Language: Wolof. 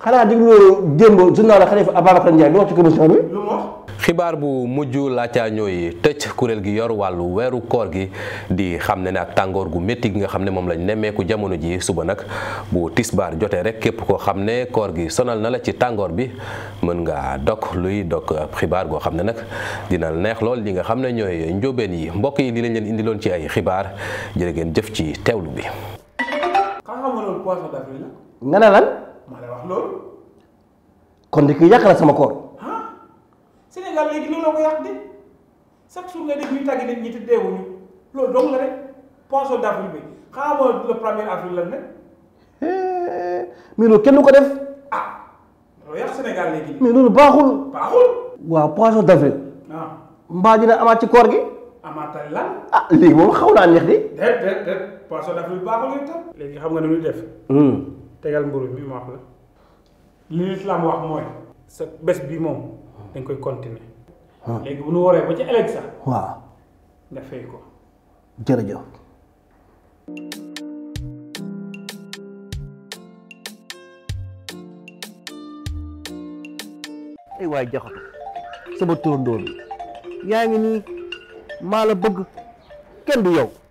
xanaa di loolu démb journal Khalifa Ababacar Ndiaye lu wax ci commission bi. xibaar bu mujj laata ñooy tëj kuréel gi yor wàllu weeru koor gi di xam ne nag tàngoor gu metti gi nga xam ne moom lañ nemmeeku jamono ji suba nag bu tisbaar jotee rek képp koo xam ne koor gi sonal na la ci tàngoor bi mën nga dog luy dog ab xibaar goo xam ne nag dina neex lool li nga xam ne ñooy njóobeen yi mbokk yi li lañ leen indiloon ci ay xibaar jërë ngeen jëf ci teewlu bi. nga maa la wax loolu. kon de kii yàq la sama koor. ah Sénégal léegi loolu la ko yàq de chaque jour nga def ñuy tàgg nit ñi te deewuñu loolu dong la rek poisson d'avril bi eh, ko def. ah loolu yàq Sénégal léegi. mais loolu baaxul. baaxul. Ah. ci koor gi. amaatali lan. ah moom xaw naa neex di. déet déet déet poisson d'avril baaxul léegi tam. léegi xam nga nu muy def. Hmm. tegal mburu mi ma wax la li lislaam wax mooy sa bés bi moom dañ koy continuer ah. léegi bu ñu waree ba ci ëllëg sax waaw nga fay ko jërëjëf ay waay jaxatu sama turandoo bi yaa ngi nii maa la bëgg kenn du yow